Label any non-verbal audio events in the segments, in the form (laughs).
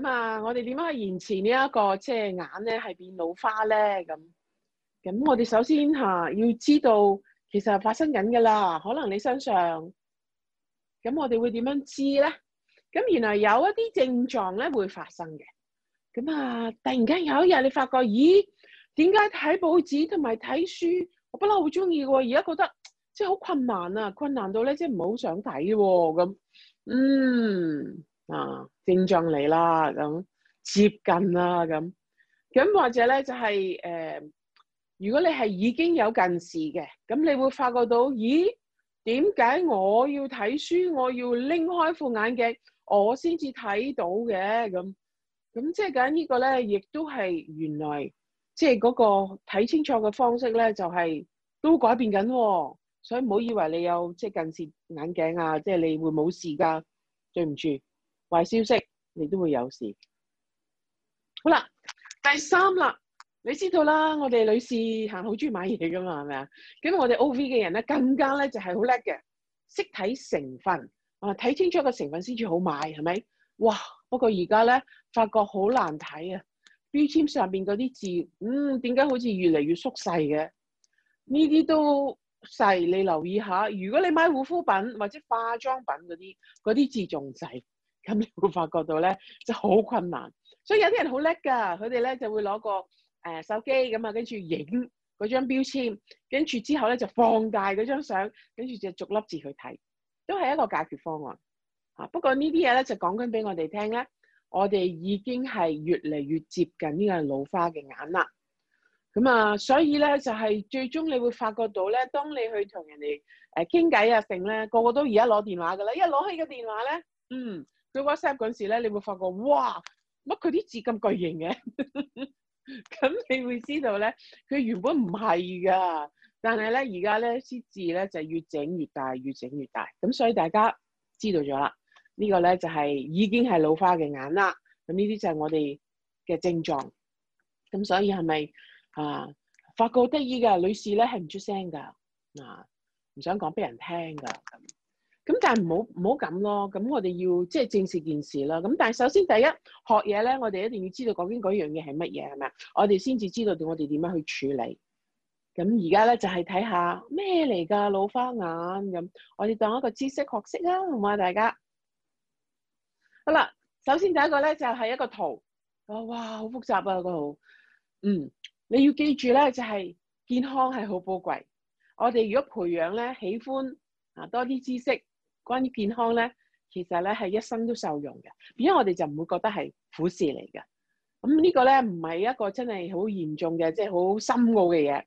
咁啊！我哋點樣去延遲、這個就是、呢一個即係眼咧，係變老花咧？咁咁，我哋首先吓、啊、要知道，其實發生緊㗎喇。可能你身上咁，我哋會點樣知咧？咁原來有一啲症狀咧會發生嘅。咁啊，突然間有一日你發覺，咦？點解睇報紙同埋睇書，我不嬲好中意嘅，而家覺得即係好困難啊！困難到咧，即係唔係好想睇喎？咁嗯。啊，症狀嚟啦，咁接近啦，咁咁或者咧就係、是、誒、呃，如果你係已經有近視嘅，咁你會發覺到，咦，點解我要睇書，我要拎開副眼鏡，我先至睇到嘅，咁咁即係講呢個咧，亦都係原來即係嗰個睇清楚嘅方式咧，就係、是、都改變緊、哦，所以唔好以為你有即係、就是、近視眼鏡啊，即、就、係、是、你會冇事㗎，對唔住。壞消息，你都會有事。好啦，第三啦，你知道啦，我哋女士行好中意買嘢噶嘛，係咪啊？咁我哋 O V 嘅人咧，更加咧就係好叻嘅，識睇成分，啊睇清楚個成分先至好買，係咪？哇！不過而家咧，發覺好難睇啊，標籤上面嗰啲字，嗯，點解好似越嚟越縮細嘅？呢啲都細，你留意下。如果你買護膚品或者化妝品嗰啲，嗰啲字仲細。咁你會發覺到咧，就好困難。所以有啲人好叻㗎，佢哋咧就會攞個誒、呃、手機咁啊，跟住影嗰張標籤，跟住之後咧就放大嗰張相，跟住就逐粒字去睇，都係一個解決方案嚇。不過這些東西，呢啲嘢咧就講緊俾我哋聽咧，我哋已經係越嚟越接近呢個老花嘅眼啦。咁啊，所以咧就係、是、最終你會發覺到咧，當你去同人哋誒傾偈啊剩咧，個個都而家攞電話㗎啦。一攞起個電話咧，嗯。佢 WhatsApp 嗰時咧，你會發覺哇乜佢啲字咁巨型嘅，咁 (laughs) 你會知道咧，佢原本唔係噶，但係咧而家咧啲字咧就越整越大，越整越大。咁所以大家知道咗啦，這個、呢個咧就係、是、已經係老花嘅眼啦。咁呢啲就係我哋嘅症狀。咁所以係咪啊？發覺得意噶女士咧係唔出聲噶，嗱、啊、唔想講俾人聽噶。咁但係唔好唔好咁咯，咁我哋要即係正視件事啦。咁但係首先第一學嘢咧，我哋一定要知道究竟嗰樣嘢係乜嘢，係咪啊？我哋先至知道我哋點樣去處理。咁而家咧就係、是、睇下咩嚟㗎老花眼咁，我哋當一個知識學識啦，好唔好呀？大家，好啦，首先第一個咧就係、是、一個圖，哦、哇，好複雜啊，個圖。嗯，你要記住咧，就係、是、健康係好寶貴。我哋如果培養咧，喜歡啊多啲知識。關於健康咧，其實咧係一生都受用嘅，點解我哋就唔會覺得係苦事嚟嘅。咁、嗯這個、呢個咧唔係一個真係好嚴重嘅，即係好深奧嘅嘢。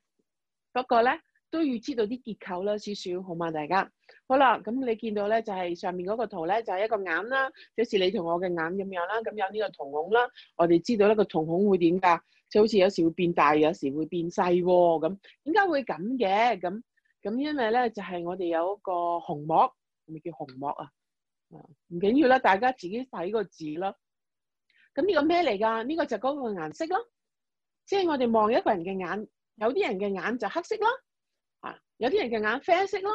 不過咧都要知道啲結構啦，少少好嘛，大家。好啦，咁你見到咧就係、是、上面嗰個圖咧，就係、是、一個眼啦，好似你同我嘅眼咁樣啦。咁有呢個瞳孔啦，我哋知道呢個瞳孔會點㗎？就好似有時會變大，有時會變細喎。咁點解會咁嘅？咁咁因為咧就係、是、我哋有一個虹膜。咪叫紅幕啊，唔緊要啦，大家自己睇個字啦。咁呢個咩嚟噶？呢個就嗰個顏色咯。即係我哋望一個人嘅眼，有啲人嘅眼就黑色咯，啊，有啲人嘅眼啡色咯，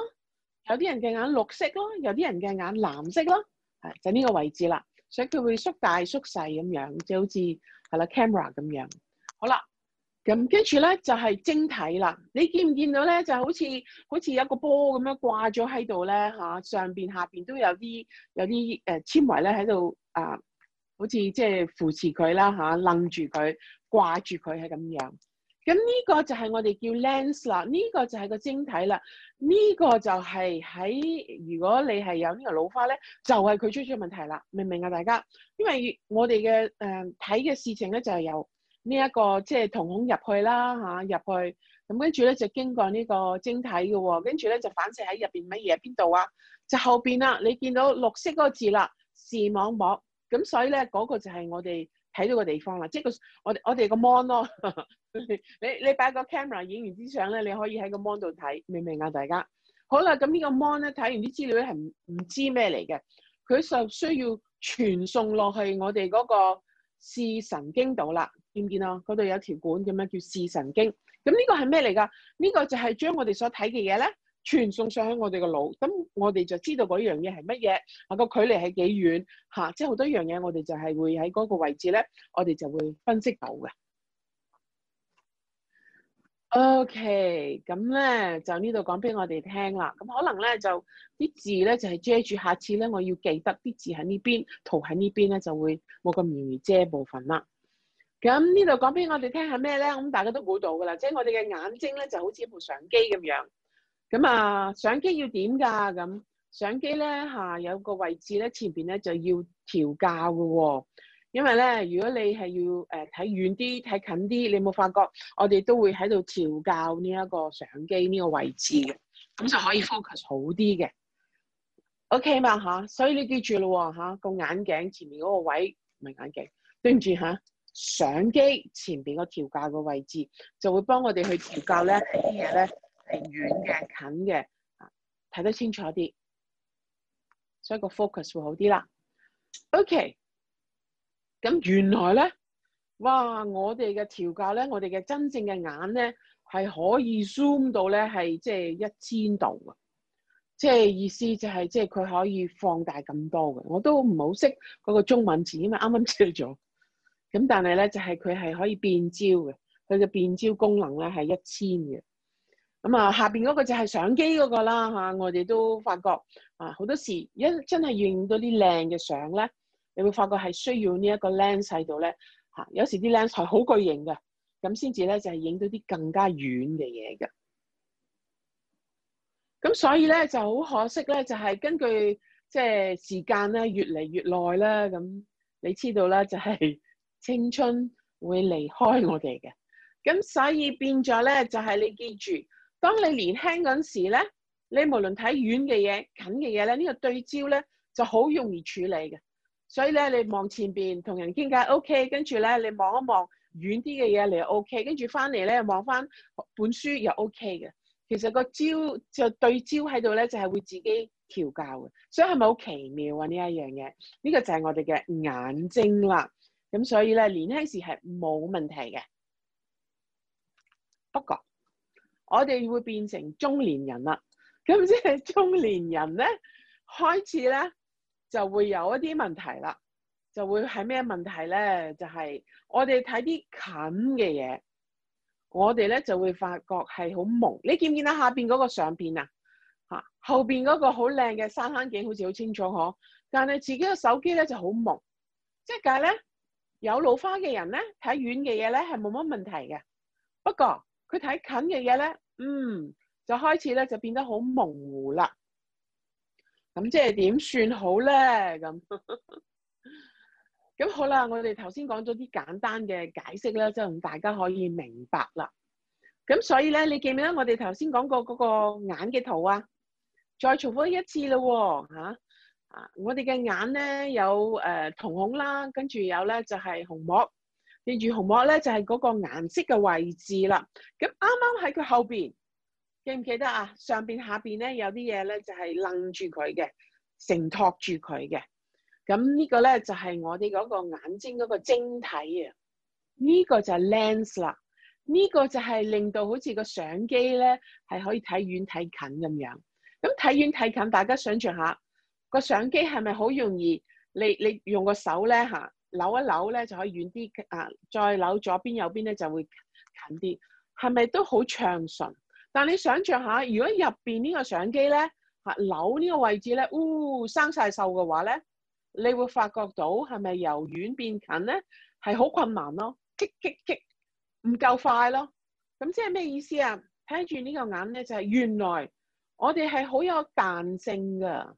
有啲人嘅眼綠色咯，有啲人嘅眼藍色咯，係就呢個位置啦。所以佢會縮大縮細咁樣，就好似係啦 camera 咁樣。好啦。咁跟住咧就係晶體啦，你見唔見到咧？就好似好似有個波咁樣掛咗喺度咧嚇，上邊下邊都有啲有啲誒纖維咧喺度啊，好似即係扶持佢啦嚇，楞住佢掛住佢係咁樣。咁呢個就係我哋叫 Lens 啦，呢個就係個晶體啦，呢個就係喺如果你係有呢個老花咧，就係佢出咗問題啦，明唔明啊？大家，因為我哋嘅誒睇嘅事情咧就係有。呢、這、一個即係瞳孔入去啦入、啊、去咁跟住咧就經過呢個晶體嘅喎、哦，跟住咧就反射喺入邊乜嘢邊度啊？就後面啦、啊，你見到綠色嗰個字啦，視網膜咁，所以咧嗰、那個就係我哋睇到嘅地方啦，即係我我哋個 mon 咯。 (laughs) 你你擺個 camera 影完啲相咧，你可以喺個 mon 度睇，明唔明啊？大家好啦，咁呢個 mon 咧睇完啲資料咧係唔唔知咩嚟嘅，佢就需要傳送落去我哋嗰個視神經度啦。見唔見啊？嗰度有條管叫咩？樣叫視神經。咁呢個係咩嚟噶？呢、這個就係將我哋所睇嘅嘢咧，傳送上喺我哋個腦。咁我哋就知道嗰樣嘢係乜嘢，啊個距離係幾遠，吓，即係好多樣嘢，我哋就係會喺嗰個位置咧，我哋就會分析到嘅。OK，咁咧就呢度講俾我哋聽啦。咁可能咧就啲字咧就係、是、遮住，下次咧我要記得啲字喺呢邊，圖喺呢邊咧就會冇咁容易遮部分啦。咁呢度講俾我哋聽係咩咧？咁大家都估到噶啦，即、就、係、是、我哋嘅眼睛咧就好似一部相機咁樣。咁啊，相機要點噶？咁相機咧吓，有個位置咧前邊咧就要調校嘅。因為咧，如果你係要誒睇遠啲、睇、呃、近啲，你冇發覺我哋都會喺度調校呢一個相機呢個位置嘅，咁就可以 focus 好啲嘅。OK 嘛吓、啊，所以你記住咯吓，個、啊、眼鏡前面嗰個位唔係眼鏡，對唔住吓。啊相機前邊個調校個位置，就會幫我哋去調教咧啲嘢咧係遠嘅、近嘅，睇得清楚啲，所以個 focus 會好啲啦。OK，咁原來咧，哇！我哋嘅調教咧，我哋嘅真正嘅眼咧係可以 zoom 到咧係即係一千度啊！即係意思就係、是、即係佢可以放大咁多嘅。我都唔好識嗰個中文字，因為嘛，啱啱識咗。咁但係咧，就係佢係可以變焦嘅，佢嘅變焦功能咧係一千嘅。咁啊，下邊嗰個就係相機嗰個啦吓、啊，我哋都發覺啊，好多時一真係影到啲靚嘅相咧，你會發覺係需要呢一個 Lens 細度咧吓，有時啲 Lens 好巨型嘅，咁先至咧就係、是、影到啲更加遠嘅嘢嘅。咁所以咧就好可惜咧，就係、是、根據即係、就是、時間咧越嚟越耐啦。咁你知道啦，就係、是。青春會離開我哋嘅，咁所以變咗咧，就係你記住，當你年輕嗰時咧，你無論睇遠嘅嘢、近嘅嘢咧，呢個對焦咧就好容易處理嘅。所以咧，你望前邊同人傾偈，OK，跟住咧，你望一望遠啲嘅嘢，你又 OK，跟住翻嚟咧，望翻本書又 OK 嘅。其實個焦就對焦喺度咧，就係會自己調教嘅。所以係咪好奇妙啊？呢一樣嘢，呢個就係我哋嘅眼睛啦。咁所以咧，年輕時係冇問題嘅。不過我哋會變成中年人啦。咁即係中年人咧，開始咧就會有一啲問題啦。就會係咩問題咧？就係、是、我哋睇啲近嘅嘢，我哋咧就會發覺係好蒙。你見唔見到啊？下邊嗰個相片啊，吓後邊嗰個好靚嘅山坑景好似好清楚呵，但係自己個手機咧就好蒙。即係解咧。有老花嘅人咧，睇遠嘅嘢咧係冇乜問題嘅。不過佢睇近嘅嘢咧，嗯，就開始咧就變得好模糊啦。咁即係點算好咧？咁咁好啦，我哋頭先講咗啲簡單嘅解釋咧，就大家可以明白啦。咁所以咧，你記唔記得我哋頭先講過嗰個眼嘅圖啊？再重複一次啦，哦，吓、啊。啊、我哋嘅眼咧有誒、呃、瞳孔啦，跟住有咧就係、是、虹膜，跟住虹膜咧就係、是、嗰個顏色嘅位置啦。咁啱啱喺佢後邊，記唔記得啊？上邊下邊咧有啲嘢咧就係、是、楞住佢嘅，承托住佢嘅。咁呢個咧就係、是、我哋嗰個眼睛嗰個晶體啊。呢、這個就係 lens 啦。呢、這個就係令到好似個相機咧係可以睇遠睇近咁樣。咁睇遠睇近，大家想像下。個相機係咪好容易？你你用個手咧吓，扭一扭咧就可以遠啲啊，再扭左邊右邊咧就會近啲，係咪都好暢順？但你想象下，如果入邊呢個相機咧吓扭呢個位置咧，嗚、哦、生晒鏽嘅話咧，你會發覺到係咪由遠變近咧？係好困難咯，極極極唔夠快咯。咁即係咩意思啊？睇住呢個眼咧，就係、是、原來我哋係好有彈性㗎。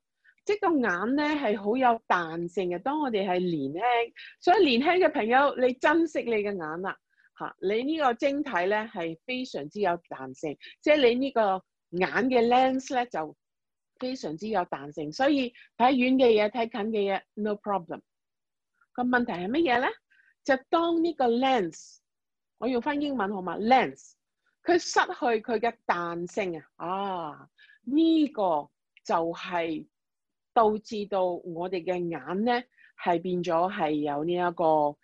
即個眼咧係好有彈性嘅，當我哋係年輕，所以年輕嘅朋友，你珍惜你嘅眼啦嚇，你呢個晶體咧係非常之有彈性，即係你呢個眼嘅 lens 咧就非常之有彈性，所以睇遠嘅嘢、睇近嘅嘢 no problem。個問題係乜嘢咧？就當呢個 lens，我用翻英文好嘛？lens，佢失去佢嘅彈性啊！啊，呢個就係。導致到我哋嘅眼咧，係變咗係有呢、這、一個誒、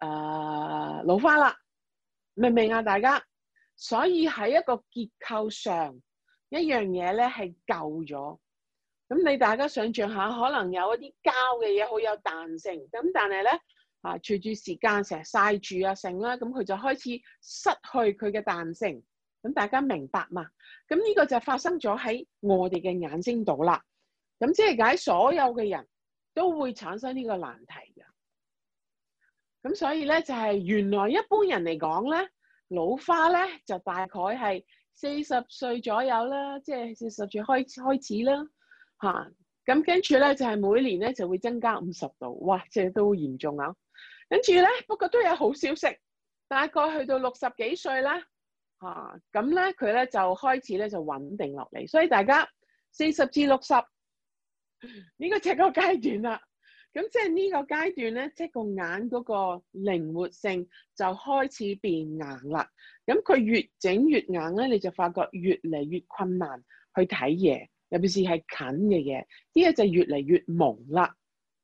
呃、老花啦，明唔明啊？大家，所以喺一個結構上，一樣嘢咧係舊咗。咁你大家想像下，可能有一啲膠嘅嘢好有彈性，咁但係咧啊，隨住時間成日曬住啊成啦，咁佢就開始失去佢嘅彈性。咁大家明白嘛？咁呢個就發生咗喺我哋嘅眼睛度啦。咁即係解所有嘅人都會產生呢個難題嘅，咁所以咧就係原來一般人嚟講咧老花咧就大概係四十歲左右啦，即係四十歲開開始啦嚇，咁跟住咧就係每年咧就會增加五十度，哇！即係都嚴重啊，跟住咧不過都有好消息，大概去到六十幾歲啦嚇，咁咧佢咧就開始咧就穩定落嚟，所以大家四十至六十。呢個即係個階段啦，咁即係呢個階段咧，即係個眼嗰個靈活性就開始變硬啦。咁佢越整越硬咧，你就發覺越嚟越困難去睇嘢，尤其是係近嘅嘢，啲嘢就越嚟越朦啦。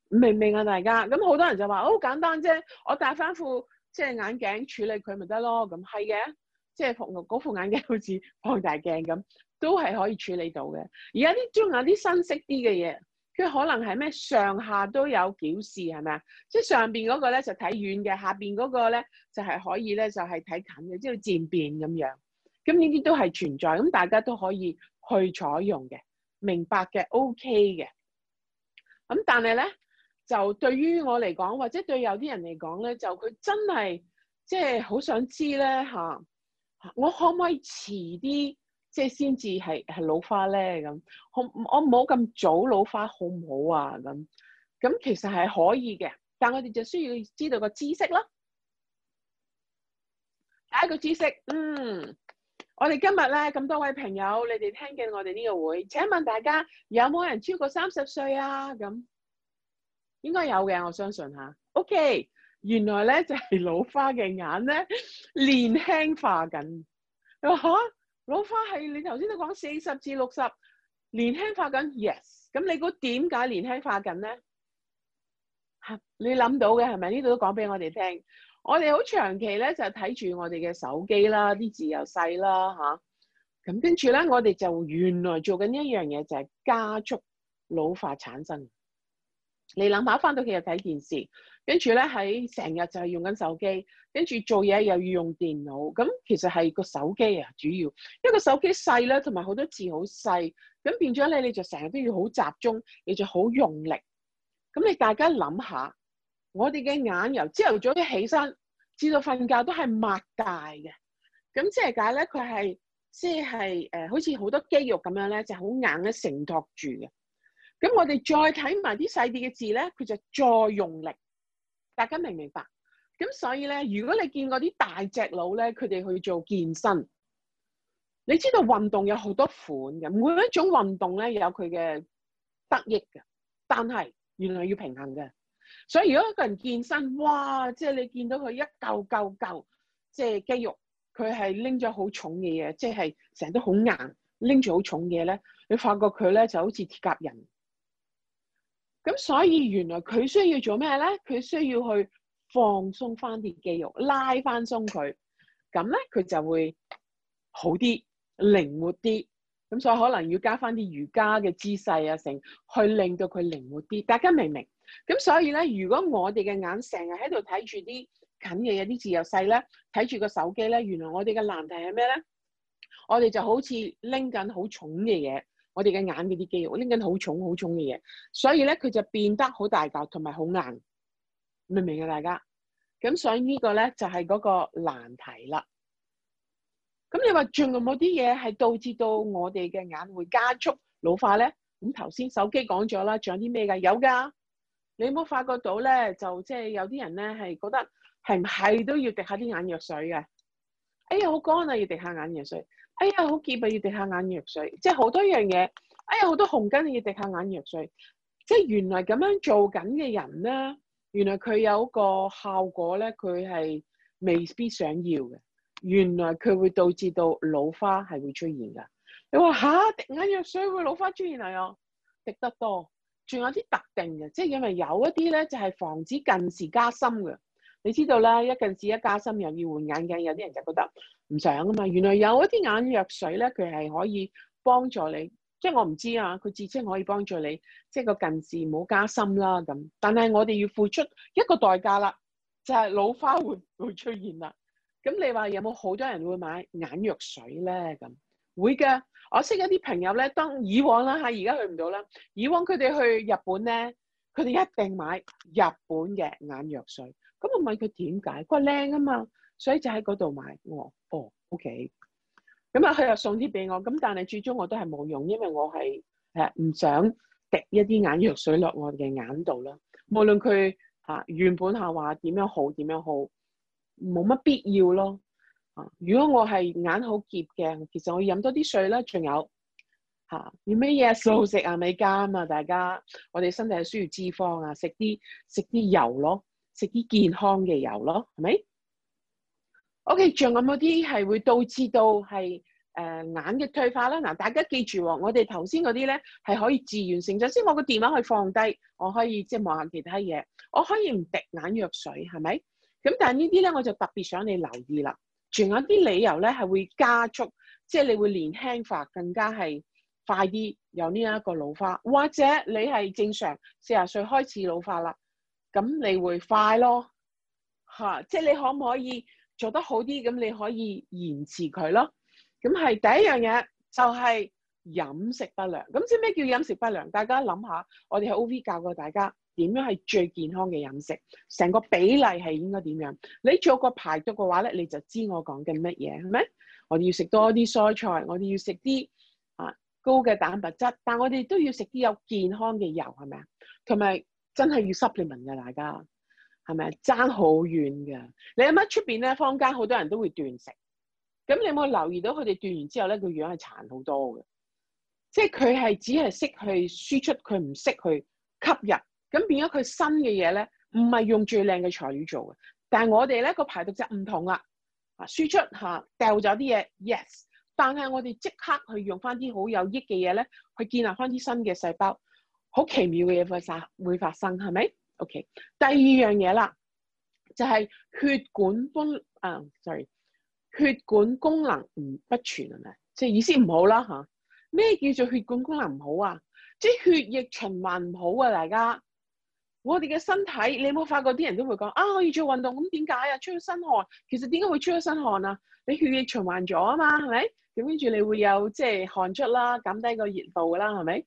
明唔明啊？大家咁好多人就話好、哦、好簡單啫，我戴翻副即係眼鏡處理佢咪得咯？咁係嘅，即係副嗰副眼鏡好似放大鏡咁，都係可以處理到嘅。而家啲中有啲新式啲嘅嘢。即可能係咩上下都有顯示係咪啊？即係上邊嗰個咧就睇遠嘅，下邊嗰個咧就係、是、可以咧就係、是、睇近嘅，即係漸變咁樣。咁呢啲都係存在，咁大家都可以去採用嘅，明白嘅，OK 嘅。咁但係咧，就對於我嚟講，或者對有啲人嚟講咧，就佢真係即係好想知咧嚇、啊，我可唔可以遲啲？即先至係係老花咧咁，我唔好咁早老花好唔好啊？咁咁其實係可以嘅，但我哋就需要知道個知識咯。第一個知識，嗯，我哋今日咧咁多位朋友，你哋聽緊我哋呢個會，請問大家有冇人超過三十歲啊？咁應該有嘅，我相信吓 OK，原來咧就係老花嘅眼咧年輕化緊。啊老花係你頭先都講四十至六十年輕化緊，yes。咁你估點解年輕化緊咧？嚇，你諗到嘅係咪？呢度都講俾我哋聽。我哋好長期咧就睇住我哋嘅手機啦，啲字又細啦嚇。咁跟住咧，我哋就原來做緊一樣嘢，就係加速老化產生。你諗下翻到屋企就睇電視。跟住咧喺成日就係用緊手機，跟住做嘢又要用電腦，咁其實係個手機啊主要，因為個手機細啦，同埋好多字好細，咁變咗咧你，你就成日都要好集中，你就好用力。咁你大家諗下，我哋嘅眼由朝頭早啲起身至到瞓覺都係擘大嘅，咁即係解咧佢係即係誒好似好多肌肉咁樣咧就好硬咧承托住嘅。咁我哋再睇埋啲細啲嘅字咧，佢就再用力。大家明唔明白？咁所以咧，如果你見過啲大隻佬咧，佢哋去做健身，你知道運動有好多款嘅，每一種運動咧有佢嘅得益嘅，但係原來要平衡嘅。所以如果一個人健身，哇！即係你見到佢一嚿嚿嚿，即係肌肉，佢係拎咗好重嘅嘢，即係成日都好硬，拎住好重嘢咧，你發覺佢咧就好似鐵甲人。咁所以原來佢需要做咩咧？佢需要去放鬆翻啲肌肉，拉翻鬆佢，咁咧佢就會好啲、靈活啲。咁所以可能要加翻啲瑜伽嘅姿勢啊成，成去令到佢靈活啲。大家明唔明？咁所以咧，如果我哋嘅眼成日喺度睇住啲近嘅，有啲字又細咧，睇住個手機咧，原來我哋嘅難題係咩咧？我哋就好似拎緊好重嘅嘢。我哋嘅眼嗰啲肌肉，拎緊好重好重嘅嘢，所以咧佢就變得好大嚿，同埋好硬，明唔明啊？大家，咁所以呢個咧就係嗰個難題啦。咁你話仲有冇啲嘢係導致到我哋嘅眼會加速老化咧？咁頭先手機講咗啦，仲有啲咩噶？有噶，你有冇發覺到咧？就即係有啲人咧係覺得係唔係都要滴下啲眼藥水嘅？哎呀，好乾啊，要滴下眼藥水。哎呀，好攰啊，要滴下眼藥水，即係好多樣嘢。哎呀，好多紅筋要滴下眼藥水，即係原來咁樣做緊嘅人咧，原來佢有個效果咧，佢係未必想要嘅。原來佢會導致到老花係會出現㗎。你話吓、啊、滴眼藥水會老花出現嚟啊？滴得多，仲有啲特定嘅，即係因為有一啲咧就係、是、防止近視加深嘅。你知道啦，一近視一加深又要換眼鏡，有啲人就覺得唔想啊嘛。原來有一啲眼藥水咧，佢係可以幫助你，即係我唔知啊，佢自稱可以幫助你，即係個近視唔好加深啦咁。但係我哋要付出一個代價啦，就係、是、老花會會出現啦。咁你話有冇好多人會買眼藥水咧？咁會嘅，我識一啲朋友咧，當以往啦嚇，而家去唔到啦。以往佢哋去日本咧，佢哋一定買日本嘅眼藥水。咁我問佢點解？佢話靚啊嘛，所以就喺嗰度買、哦哦 okay、我。哦，O.K. 咁啊，佢又送啲俾我。咁但係最終我都係冇用，因為我係唔想滴一啲眼藥水落我嘅眼度啦。無論佢、啊、原本下話點樣好，點樣好，冇乜必要咯。啊、如果我係眼好澀嘅，其實我飲多啲水啦，仲有吓要咩嘢素食啊？美加啊嘛，大家我哋身體需要脂肪啊，食啲食啲油咯。食啲健康嘅油咯，係咪？O.K. 仲有冇啲係會導致到係誒、呃、眼嘅退化啦。嗱，大家記住喎、哦，我哋頭先嗰啲咧係可以自完成，就先我個電話可以放低，我可以即係望下其他嘢，我可以唔滴眼藥水，係咪？咁但係呢啲咧，我就特別想你留意啦。仲有啲理由咧係會加速，即、就、係、是、你會年輕化更加係快啲有呢一個老化，或者你係正常四十歲開始老化啦。咁你會快咯，吓，啊，即係你可唔可以做得好啲？咁你可以延遲佢咯。咁係第一樣嘢就係飲食不良。咁知咩叫飲食不良？大家諗下，我哋喺 O V 教過大家點樣係最健康嘅飲食，成個比例係應該點樣？你做個排毒嘅話咧，你就知我講緊乜嘢，係咪？我哋要食多啲蔬菜，我哋要食啲啊高嘅蛋白質，但我哋都要食啲有健康嘅油，係咪啊？同埋真係要 supplement 嘅，大家係咪啊？爭好遠嘅。你有冇出邊咧？坊間好多人都會斷食，咁你有冇留意到佢哋斷完之後咧，個樣係殘好多嘅。即係佢係只係識去輸出，佢唔識去吸入。咁變咗佢新嘅嘢咧，唔係用最靚嘅材料做嘅。但係我哋咧個排毒就唔同啦。啊，輸出吓掉咗啲嘢，yes。但係我哋即刻去用翻啲好有益嘅嘢咧，去建立翻啲新嘅細胞。好奇妙嘅嘢發生，會發生係咪？OK，第二樣嘢啦，就係血管功啊，sorry，血管功能唔不全係咪？即係意思唔好啦嚇。咩叫做血管功能唔好啊？即係血液循環唔好啊！大家，我哋嘅身體，你有冇發覺啲人都會講啊？我要做運動，咁點解啊？出咗身汗，其實點解會出咗身汗啊？你血液循環咗啊嘛，係咪？咁跟住你會有即係汗出啦，減低個熱度㗎啦，係咪？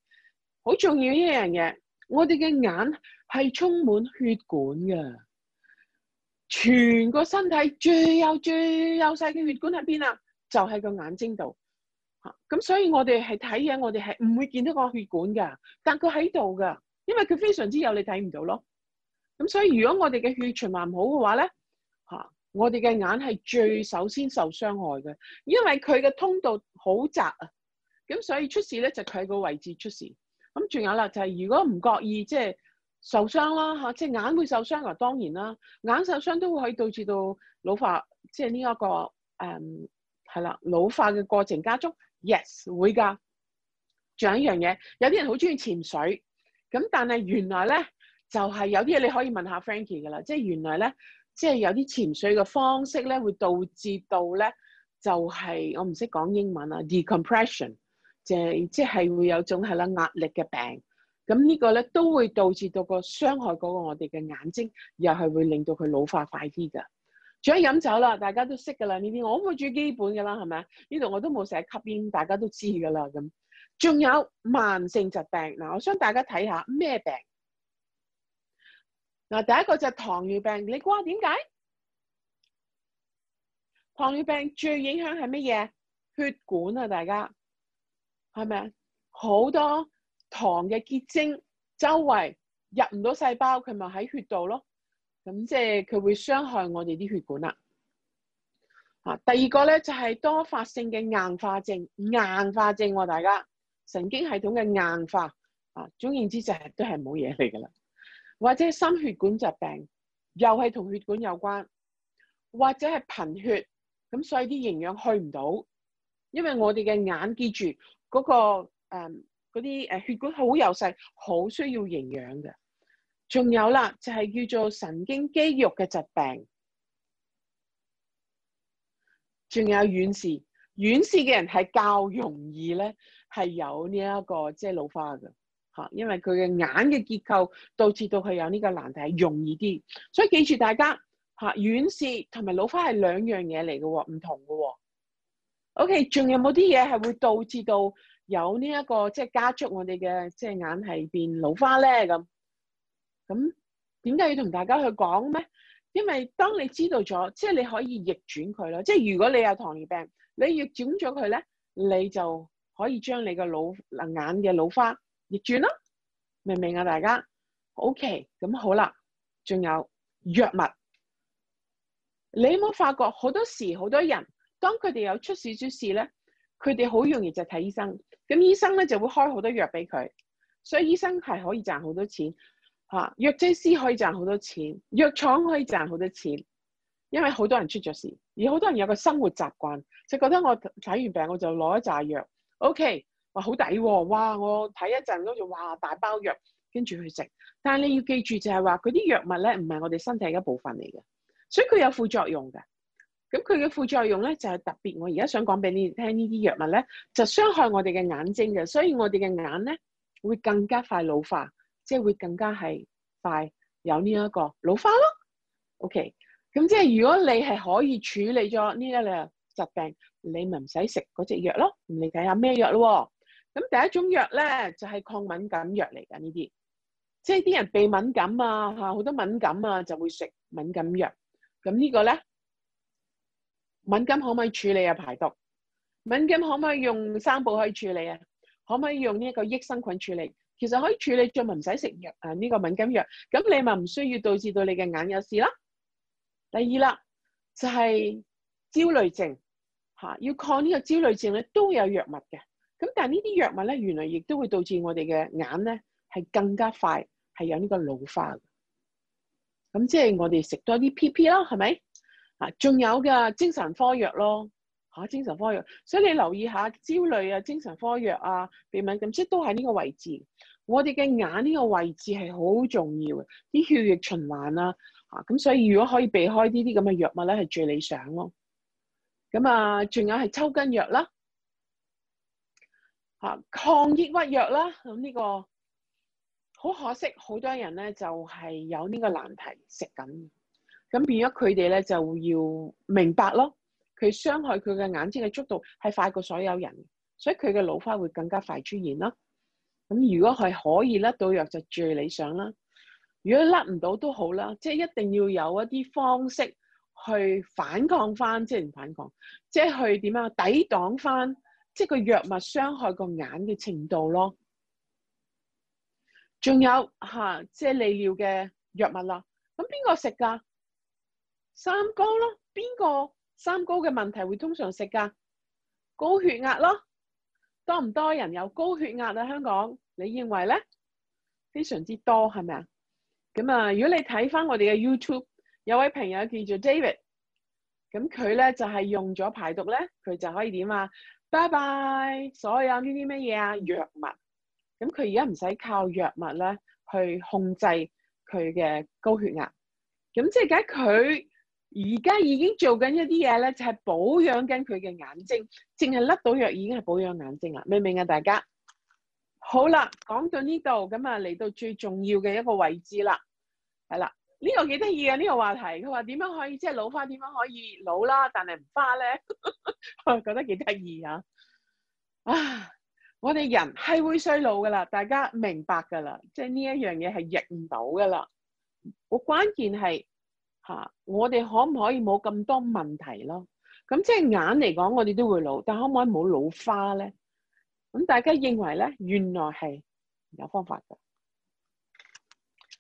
好重要一樣嘢，我哋嘅眼係充滿血管嘅，全個身體最幼最幼細嘅血管喺邊啊？就喺、是、個眼睛度，吓、啊、咁，所以我哋係睇嘢，我哋係唔會見到個血管噶，但佢喺度噶，因為佢非常之幼，你睇唔到咯。咁所以如果我哋嘅血循環唔好嘅話咧，吓、啊、我哋嘅眼係最首先受傷害嘅，因為佢嘅通道好窄啊，咁所以出事咧就佢、是、個位置出事。咁仲有啦，就係如果唔覺意，即係受傷啦吓，即隻眼會受傷啊，當然啦，眼受傷都會可以導致到老化，即係呢一個誒係啦，老化嘅過程加速，Yes，會㗎。仲有一樣嘢，有啲人好中意潛水，咁但係原來咧就係有啲嘢你可以問下 Frankie 㗎啦，即係原來咧即係有啲潛水嘅方式咧會導致到咧就係我唔識講英文啊，decompression。即係即係會有一種係啦壓力嘅病，咁呢個咧都會導致到個傷害嗰個我哋嘅眼睛，又係會令到佢老化快啲噶。除咗飲酒啦，大家都識噶啦呢啲，我會最基本噶啦，係咪啊？呢度我都冇成日吸煙，大家都知噶啦咁。仲有，有慢性疾病嗱，我想大家睇下咩病嗱，第一個就係糖尿病，你估下點解？糖尿病最影響係乜嘢？血管啊，大家。係咪啊？好多糖嘅結晶周圍入唔到細胞，佢咪喺血度咯。咁即係佢會傷害我哋啲血管啦。啊，第二個咧就係、是、多發性嘅硬化症，硬化症、啊、大家神經系統嘅硬化。啊，總言之就係、是、都係冇嘢嚟噶啦。或者心血管疾病又係同血管有關，或者係貧血，咁所以啲營養去唔到，因為我哋嘅眼記住。嗰個誒嗰啲誒血管好幼細，好需要營養嘅。仲有啦，就係叫做神經肌肉嘅疾病。仲有遠視，遠視嘅人係較容易咧，係有呢一個即係老花嘅嚇，因為佢嘅眼嘅結構導致到佢有呢個難題係容易啲。所以記住大家嚇遠視同埋老花係兩樣嘢嚟嘅喎，唔同嘅喎。O.K.，仲有冇啲嘢係會導致到有呢、這、一個即係、就是、加速我哋嘅即係眼係變老花咧？咁咁點解要同大家去講咩？因為當你知道咗，即、就、係、是、你可以逆轉佢咯。即、就、係、是、如果你有糖尿病，你逆轉咗佢咧，你就可以將你個老眼嘅老花逆轉啦。明唔明啊？大家 O.K. 咁好啦。仲有藥物，你有冇發覺好多時好多人？當佢哋有出事出事咧，佢哋好容易就睇醫生。咁醫生咧就會開好多藥俾佢，所以醫生係可以賺好多錢吓、啊，藥劑師可以賺好多錢，藥廠可以賺好多錢，因為好多人出咗事，而好多人有個生活習慣，就覺得我睇完病我就攞一扎藥，OK，好抵哇！我睇一陣都就哇大包藥，跟住去食。但係你要記住就係話，嗰啲藥物咧唔係我哋身體一部分嚟嘅，所以佢有副作用嘅。咁佢嘅副作用咧就係、是、特別，我而家想講俾你聽，呢啲藥物咧就傷害我哋嘅眼睛嘅，所以我哋嘅眼咧會更加快老化，即係會更加係快有呢一個老花咯。OK，咁即係如果你係可以處理咗呢一類疾病，你咪唔使食嗰隻藥咯。唔理睇下咩藥咯。咁第一種藥咧就係、是、抗敏感藥嚟噶，呢啲即係啲人鼻敏感啊，嚇好多敏感啊，就會食敏感藥。咁呢個咧。敏感可唔可以處理啊？排毒，敏感可唔可以用三步去以處理啊？可唔可以用呢一個益生菌處理？其實可以處理，再唔使食藥啊呢個敏感藥。咁你咪唔需要導致到你嘅眼有事啦。第二啦，就係、是、焦慮症，吓、啊、要抗呢個焦慮症咧，都有藥物嘅。咁但係呢啲藥物咧，原來亦都會導致我哋嘅眼咧係更加快係有呢個老化。咁即係我哋食多啲 P P 啦，係咪？仲、啊、有嘅精神科藥咯，吓、啊、精神科藥，所以你留意下焦慮啊、精神科藥啊、鼻敏感，即都喺呢個位置。我哋嘅眼呢個位置係好重要嘅，啲血液循環啦、啊，吓、啊、咁所以如果可以避開些呢啲咁嘅藥物咧，係最理想咯。咁啊，仲有係抽筋藥啦、啊，吓、啊、抗抑鬱藥啦，咁、啊、呢、這個好可惜，好多人咧就係、是、有呢個難題食緊。咁變咗佢哋咧，就要明白咯。佢傷害佢嘅眼睛嘅速度係快過所有人，所以佢嘅老花會更加快出現咯。咁如果係可以甩到藥就最理想啦。如果甩唔到都好啦，即係一定要有一啲方式去反抗翻，即係唔反抗，即係去點啊？抵擋翻，即係個藥物傷害個眼嘅程度咯。仲有嚇、啊，即係利尿嘅藥物啦。咁邊個食噶？三高咯，邊個？三高嘅問題會通常食噶？高血壓咯，多唔多人有高血壓啊？香港，你認為咧？非常之多，係咪啊？咁啊，如果你睇翻我哋嘅 YouTube，有位朋友叫做 David，咁佢咧就係、是、用咗排毒咧，佢就可以點啊？拜拜，所有呢啲咩嘢啊藥物，咁佢而家唔使靠藥物咧去控制佢嘅高血壓，咁即係解佢。而家已經做緊一啲嘢咧，就係保養緊佢嘅眼睛，淨係甩到藥已經係保養眼睛啦，明唔明啊？大家好啦，講到呢度咁啊，嚟到最重要嘅一個位置啦，係啦，呢個幾得意啊！呢個話題，佢話點樣可以即係老花？點樣可以老啦？但係唔花咧， (laughs) 我覺得幾得意啊！啊，我哋人係會衰老噶啦，大家明白噶啦，即係呢一樣嘢係逆唔到噶啦。我關鍵係。吓、啊，我哋可唔可以冇咁多問題咯？咁即係眼嚟講，我哋都會老，但可唔可以冇老花咧？咁大家認為咧，原來係有方法㗎。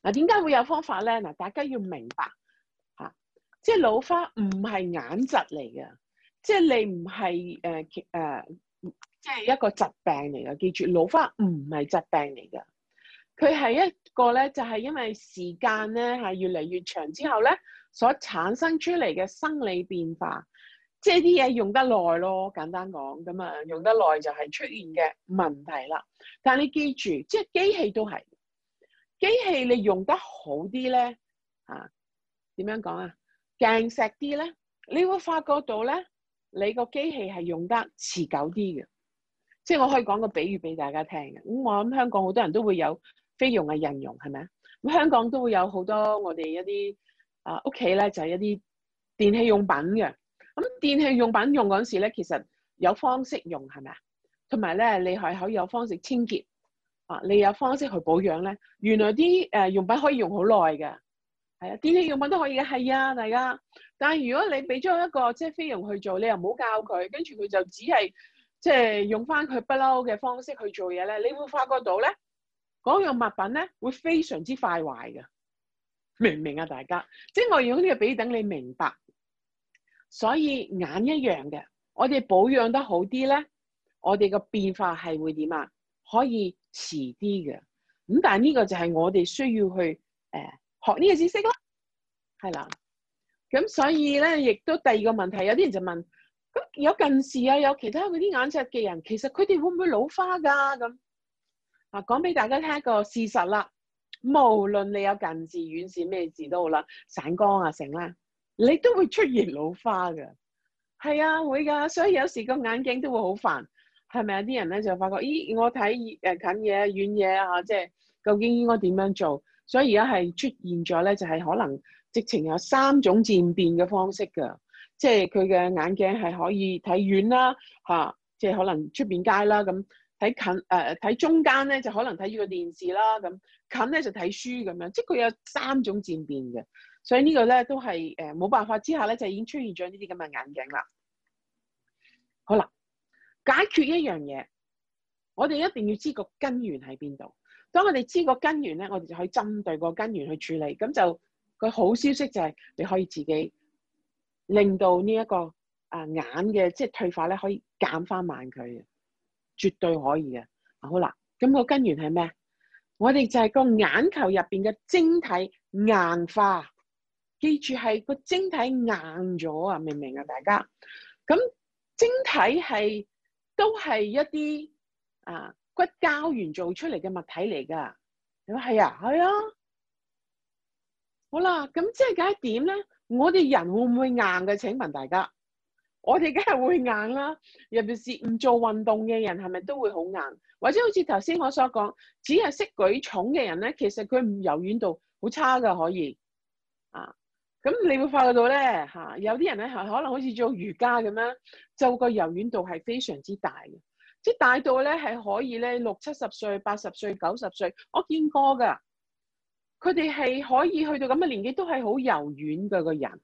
嗱、啊，點解會有方法咧？嗱，大家要明白吓、啊，即係老花唔係眼疾嚟嘅，即係你唔係誒誒，即係一個疾病嚟嘅。記住，老花唔係疾病嚟嘅。佢係一個咧，就係、是、因為時間咧係越嚟越長之後咧，所產生出嚟嘅生理變化，即係啲嘢用得耐咯，簡單講咁啊，用得耐就係出現嘅問題啦。但係你記住，即係機器都係，機器你用得好啲咧，啊，點樣講啊，鏡石啲咧，你會發覺到咧，你個機器係用得持久啲嘅。即係我可以講個比喻俾大家聽嘅，咁我諗香港好多人都會有。菲傭嘅人用係咪啊？咁香港都會有好多我哋一啲啊屋企咧就係、是、一啲電器用品嘅。咁、嗯、電器用品用嗰時咧，其實有方式用係咪啊？同埋咧，你係可以有方式清潔啊，你有方式去保養咧。原來啲誒、呃、用品可以用好耐嘅。係啊，電器用品都可以嘅。係啊，大家。但係如果你俾咗一個即係菲傭去做，你又唔好教佢，跟住佢就只係即係用翻佢不嬲嘅方式去做嘢咧，你會發覺到咧。嗰樣物品咧會非常之快壞嘅，明唔明啊？大家，即係我用呢個比等你明白，所以眼一樣嘅，我哋保養得好啲咧，我哋個變化係會點啊？可以遲啲嘅，咁、嗯、但係呢個就係我哋需要去誒、呃、學呢個知識咯，係啦。咁所以咧，亦都第二個問題，有啲人就問：咁有近視啊，有其他嗰啲眼疾嘅人，其實佢哋會唔會老花噶、啊？咁？啊，講俾大家聽一個事實啦，無論你有近視遠視咩字都好啦，散光啊成啦，你都會出現老花嘅，係啊會噶，所以有時個眼鏡都會好煩，係咪有啲人咧就發覺，咦，我睇誒近嘢遠嘢啊，即係究竟應該點樣做？所以而家係出現咗咧，就係、是、可能直情有三種漸變嘅方式噶，即係佢嘅眼鏡係可以睇遠啦，吓、啊，即係可能出面街啦咁。啊睇近誒，睇、呃、中間咧就可能睇住個電視啦，咁近咧就睇書咁樣，即係佢有三種漸變嘅，所以這個呢個咧都係誒冇辦法之下咧就已經出現咗呢啲咁嘅眼鏡啦。好啦，解決一樣嘢，我哋一定要知個根源喺邊度。當我哋知個根源咧，我哋就可以針對個根源去處理。咁就個好消息就係你可以自己令到呢、這、一個啊、呃、眼嘅即係退化咧可以減翻慢佢。絕對可以嘅。好啦，咁個根源係咩？我哋就係個眼球入邊嘅晶體硬化，記住係個晶體硬咗啊！明唔明啊？大家，咁晶體係都係一啲啊骨膠原做出嚟嘅物體嚟噶，你話係啊，係啊，好啦，咁即係點咧？我哋人會唔會硬嘅？請問大家？我哋梗係會硬啦，尤其是唔做運動嘅人，係咪都會好硬？或者好似頭先我所講，只係識舉重嘅人咧，其實佢唔柔軟度好差噶，可以啊？咁你會發覺到咧嚇、啊，有啲人咧可能好似做瑜伽咁樣，就個柔軟度係非常之大嘅，即係大到咧係可以咧六七十歲、八十歲、九十歲，我見過噶，佢哋係可以去到咁嘅年紀都係好柔軟嘅、個人。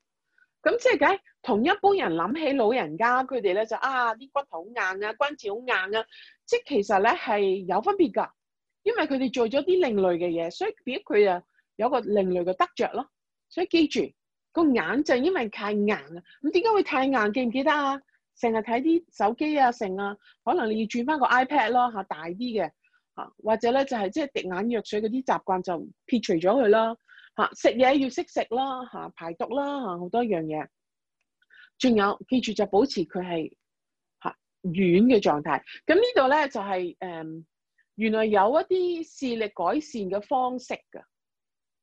咁即係解同一般人諗起老人家，佢哋咧就啊啲骨頭好硬啊，關節好硬啊。即係其實咧係有分別㗎，因為佢哋做咗啲另類嘅嘢，所以俾佢啊有個另類嘅得著咯。所以記住個眼就因為太硬啊，咁點解會太硬？記唔記得啊？成日睇啲手機啊，成啊，可能你要轉翻個 iPad 咯、嚇、大啲嘅、嚇、或者咧就係、是、即係滴眼藥水嗰啲習慣就撇除咗佢啦。嚇食嘢要識食啦，嚇排毒啦，嚇好多樣嘢。仲有記住就保持佢係嚇軟嘅狀態。咁呢度咧就係、是、誒、嗯、原來有一啲視力改善嘅方式嘅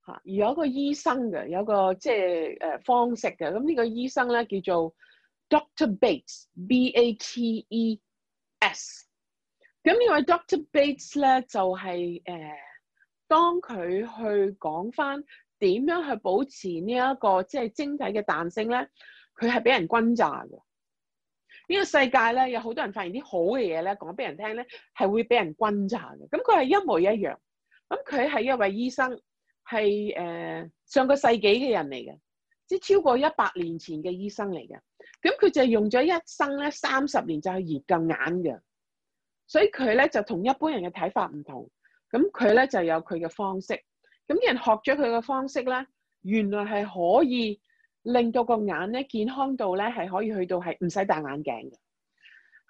嚇，有一個醫生嘅，有一個即係誒方式嘅。咁呢個醫生咧叫做 Doctor Bates，B A T E S。咁呢位 Doctor Bates 咧就係、是、誒、呃、當佢去講返。點樣去保持呢、這、一個即係精體嘅誕性咧？佢係俾人均炸嘅。呢、這個世界咧，有好多人發現啲好嘅嘢咧，講俾人聽咧，係會俾人均炸嘅。咁佢係一模一樣。咁佢係一位醫生，係誒、呃、上個世紀嘅人嚟嘅，即係超過一百年前嘅醫生嚟嘅。咁、嗯、佢就用咗一生咧，三十年就係熱夾眼嘅。所以佢咧就同一般人嘅睇法唔同。咁佢咧就有佢嘅方式。咁啲人學咗佢嘅方式咧，原來係可以令到個眼咧健康到咧係可以去到係唔使戴眼鏡嘅，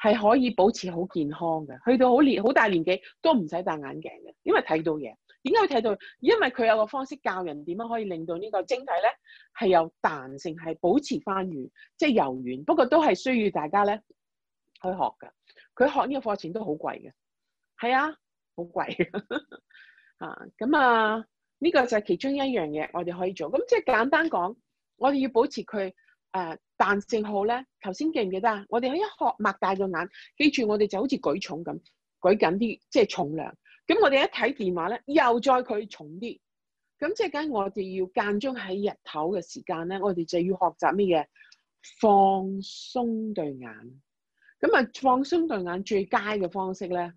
係可以保持好健康嘅，去到好年好大年紀都唔使戴眼鏡嘅，因為睇到嘢。點解會睇到？因為佢有個方式教人點樣可以令到呢個晶體咧係有彈性，係保持翻軟，即係柔軟。不過都係需要大家咧去學嘅。佢學呢個課程都好貴嘅，係啊，好貴 (laughs) 啊！啊，咁啊～呢個就係其中一樣嘢，我哋可以做。咁即係簡單講，我哋要保持佢誒彈性好咧。頭先記唔記得啊？我哋一學擘大個眼，記住我哋就好似舉重咁舉緊啲即係重量。咁我哋一睇電話咧，又再佢重啲。咁即係緊我哋要間中喺日頭嘅時間咧，我哋就要學習咩嘢？放鬆對眼。咁啊，放鬆對眼最佳嘅方式咧？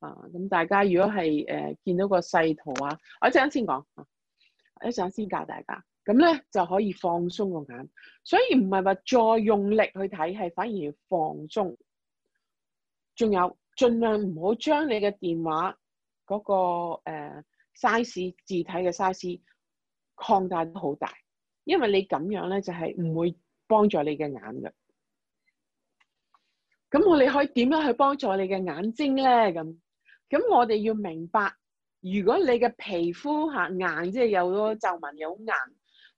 啊，咁大家如果係誒、呃、見到個細圖啊，我一陣先講，我一陣先教大家，咁咧就可以放鬆個眼，所以唔係話再用力去睇，係反而放鬆。仲有盡量唔好將你嘅電話嗰、那個誒 size、呃、字體嘅 size 擴大得好大，因為你咁樣咧就係、是、唔會幫助你嘅眼嘅。咁我哋可以點樣去幫助你嘅眼睛咧？咁？咁我哋要明白，如果你嘅皮膚吓硬，即係有咗皺紋，又好硬，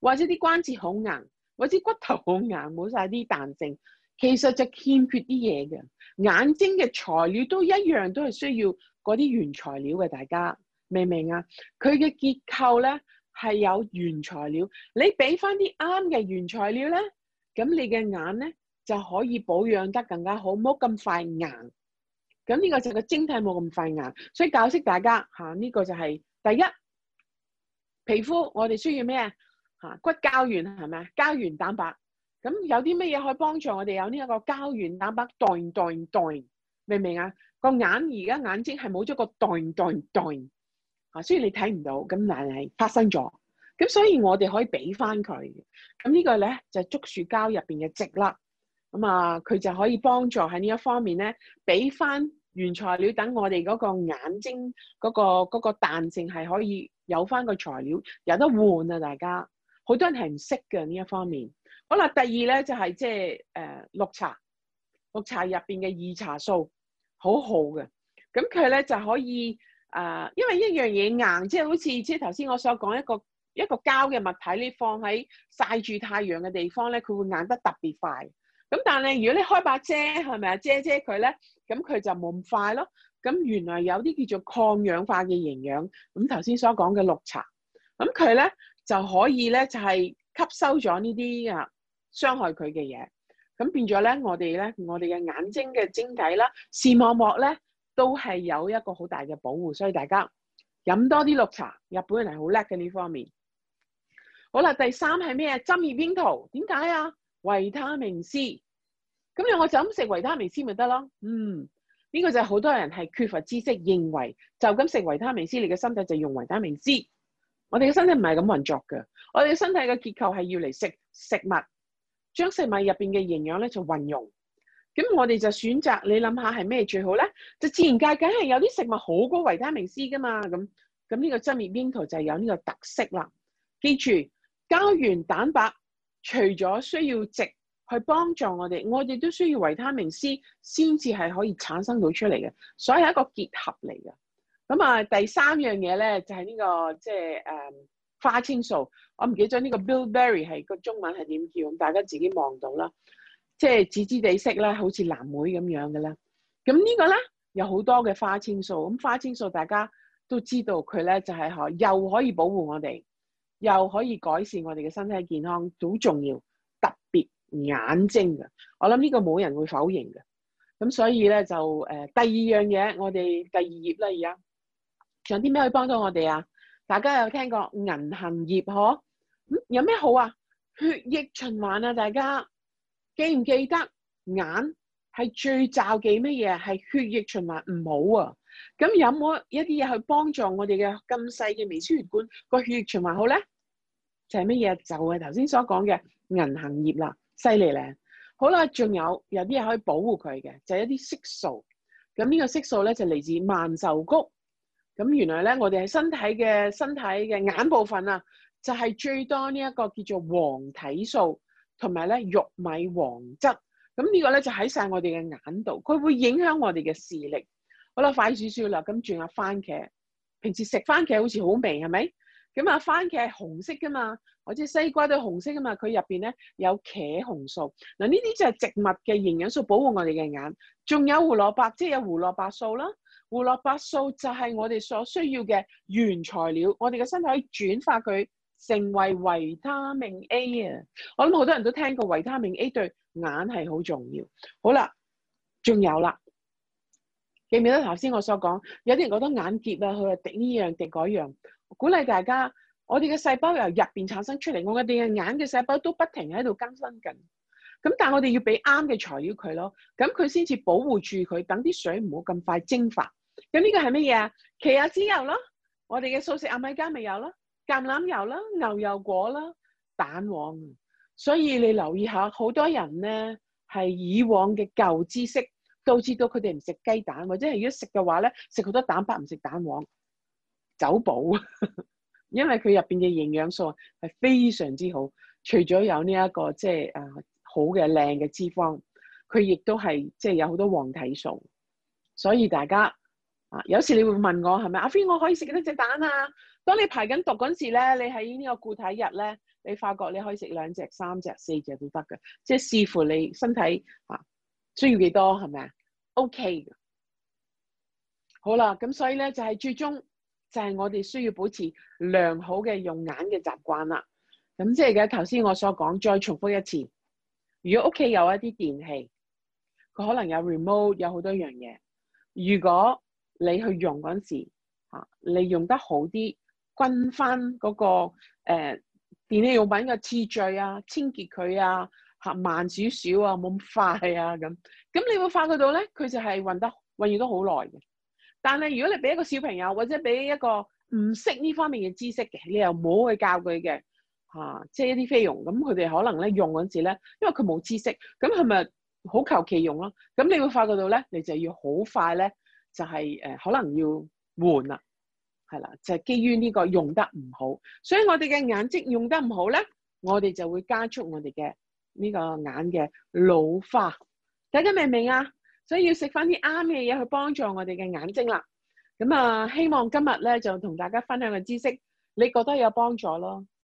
或者啲關節好硬，或者骨頭好硬，冇晒啲彈性，其實就欠缺啲嘢嘅。眼睛嘅材料都一樣，都係需要嗰啲原材料嘅。大家明唔明啊？佢嘅結構咧係有原材料，你俾翻啲啱嘅原材料咧，咁你嘅眼咧就可以保養得更加好，唔好咁快硬。咁、這、呢個就個晶體冇咁快硬，所以教識大家呢、這個就係、是、第一皮膚，我哋需要咩啊？骨膠原係咪啊？膠原蛋白咁有啲乜嘢可以幫助我哋有呢一個膠原蛋白 d o i 明唔明啊？個眼而家眼睛係冇咗個 d o i 所以你睇唔到，咁但係發生咗，咁所以我哋可以俾翻佢。咁呢個咧就係、是、竹樹膠入面嘅直粒，咁啊佢就可以幫助喺呢一方面咧俾翻。原材料等我哋嗰個眼睛嗰、嗰個彈、嗰個、彈性係可以有翻個材料有得換啊！大家好多人係唔識嘅呢一方面。好啦，第二咧就係即係誒綠茶，綠茶入面嘅二茶素好好嘅，咁佢咧就可以、呃、因為一樣嘢硬，即係好似即係頭先我所講一個一個膠嘅物體，你放喺曬住太陽嘅地方咧，佢會硬得特別快。咁但係如果你開把遮係咪啊，遮遮佢咧？咁佢就冇咁快咯。咁原來有啲叫做抗氧化嘅營養，咁頭先所講嘅綠茶，咁佢咧就可以咧就係吸收咗呢啲啊傷害佢嘅嘢。咁變咗咧，我哋咧我哋嘅眼睛嘅晶體啦、視網膜咧，都係有一個好大嘅保護。所以大家飲多啲綠茶，日本人係好叻嘅呢方面。好啦，第三係咩啊？針葉櫻桃，點解啊？維他命 C。咁樣我就咁食維他命 C 咪得咯？嗯，呢個就係好多人係缺乏知識，認為就咁食維他命 C，你嘅身體就用維他命 C。我哋嘅身體唔係咁運作嘅，我哋嘅身體嘅結構係要嚟食食物，將食物入面嘅營養咧就運用。咁我哋就選擇你諗下係咩最好咧？就自然界梗係有啲食物好高維他命 C 噶嘛。咁咁呢個針葉櫻桃就係有呢個特色啦。記住膠原蛋白，除咗需要直。去幫助我哋，我哋都需要維他命 C 先至係可以產生到出嚟嘅，所以係一個結合嚟嘅。咁啊，第三樣嘢咧就係呢個即係誒花青素，我唔記得咗呢個 Bilberry 係個中文係點叫，大家自己望到啦。即係紫紫地色啦，好似藍莓咁樣嘅啦。咁呢個咧有好多嘅花青素，咁花青素大家都知道佢咧就係可又可以保護我哋，又可以改善我哋嘅身體健康，好重要。眼睛嘅，我諗呢個冇人會否認嘅。咁所以咧就誒、呃，第二樣嘢我哋第二頁啦而家，仲有啲咩可以幫到我哋啊？大家有聽過銀杏葉嗬？有咩好啊？血液循環啊，大家記唔記得眼係最罩忌乜嘢啊？係血液循環唔好啊。咁有冇一啲嘢去幫助我哋嘅咁細嘅微絲血管個血液循環好咧？就係乜嘢？就係頭先所講嘅銀杏葉啦。犀利咧！好啦，仲有有啲嘢可以保護佢嘅，就係一啲色素。咁呢個色素咧就嚟自萬壽菊。咁原來咧，我哋係身體嘅身體嘅眼部分啊，就係最多呢一個叫做黃體素，同埋咧玉米黃質。咁呢個咧就喺晒我哋嘅眼度，佢會影響我哋嘅視力。好啦，快少少啦，咁轉下番茄。平時食番茄好似好味，係咪？咁啊，番茄係紅色噶嘛，或者西瓜都是紅色噶嘛，佢入邊咧有茄紅素。嗱，呢啲就係植物嘅營養素，保護我哋嘅眼。仲有胡蘿蔔，即係有胡蘿蔔素啦。胡蘿蔔素就係我哋所需要嘅原材料，我哋嘅身體可轉化佢成為維他命 A 啊！我諗好多人都聽過維他命 A 對眼係好重要。好啦，仲有啦，記唔記得頭先我所講？有啲人覺得眼結啊，佢話滴呢樣滴嗰樣。鼓勵大家，我哋嘅細胞由入邊產生出嚟，我哋嘅眼嘅細胞都不停喺度更新緊。咁但係我哋要俾啱嘅材料佢咯，咁佢先至保護住佢，等啲水唔好咁快蒸發。咁呢個係乜嘢啊？奇亞籽油咯，我哋嘅素食阿米加咪有咯，橄欖油啦，牛油果啦，蛋黃。所以你留意下，好多人咧係以往嘅舊知識，導致到佢哋唔食雞蛋，或者係如果食嘅話咧，食好多蛋白唔食蛋黃。走寶， (laughs) 因為佢入邊嘅營養素係非常之好。除咗有呢、這、一個即係、就是、啊好嘅靚嘅脂肪，佢亦都係即係有好多黃體素。所以大家啊，有時你會問我係咪阿飛，我可以食幾多隻蛋啊？當你排緊毒嗰陣時咧，你喺呢個固體日咧，你發覺你可以食兩隻、三隻、四隻都得㗎，即、就、係、是、視乎你身體啊需要幾多係咪啊？OK，好啦，咁所以咧就係、是、最終。就係、是、我哋需要保持良好嘅用眼嘅習慣啦。咁即係而家頭先我所講，再重複一次。如果屋企有一啲電器，佢可能有 remote，有好多樣嘢。如果你去用嗰陣時候，你用得好啲，關翻嗰個誒、呃、電器用品嘅次序啊，清潔佢啊，嚇慢少少啊，冇咁快啊咁。咁你會發覺到咧，佢就係運得運用都好耐嘅。但係如果你俾一個小朋友或者俾一個唔識呢方面嘅知識嘅，你又唔好去教佢嘅，吓、啊，即係一啲菲傭，咁佢哋可能咧用嗰陣時咧，因為佢冇知識，咁係咪好求其用咯？咁你會發覺到咧，你就要好快咧，就係、是、誒、呃，可能要換啦，係啦，就係、是、基於呢個用得唔好，所以我哋嘅眼睛用得唔好咧，我哋就會加速我哋嘅呢個眼嘅老化，大家明唔明啊？所以要食翻啲啱嘅嘢去幫助我哋嘅眼睛啦。咁啊，希望今日咧就同大家分享嘅知識，你覺得有幫助咯。